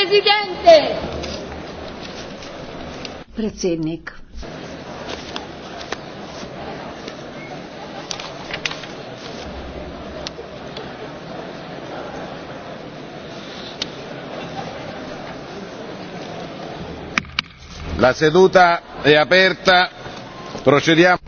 Presidente. Predsednik. La seduta è aperta. Procediamo.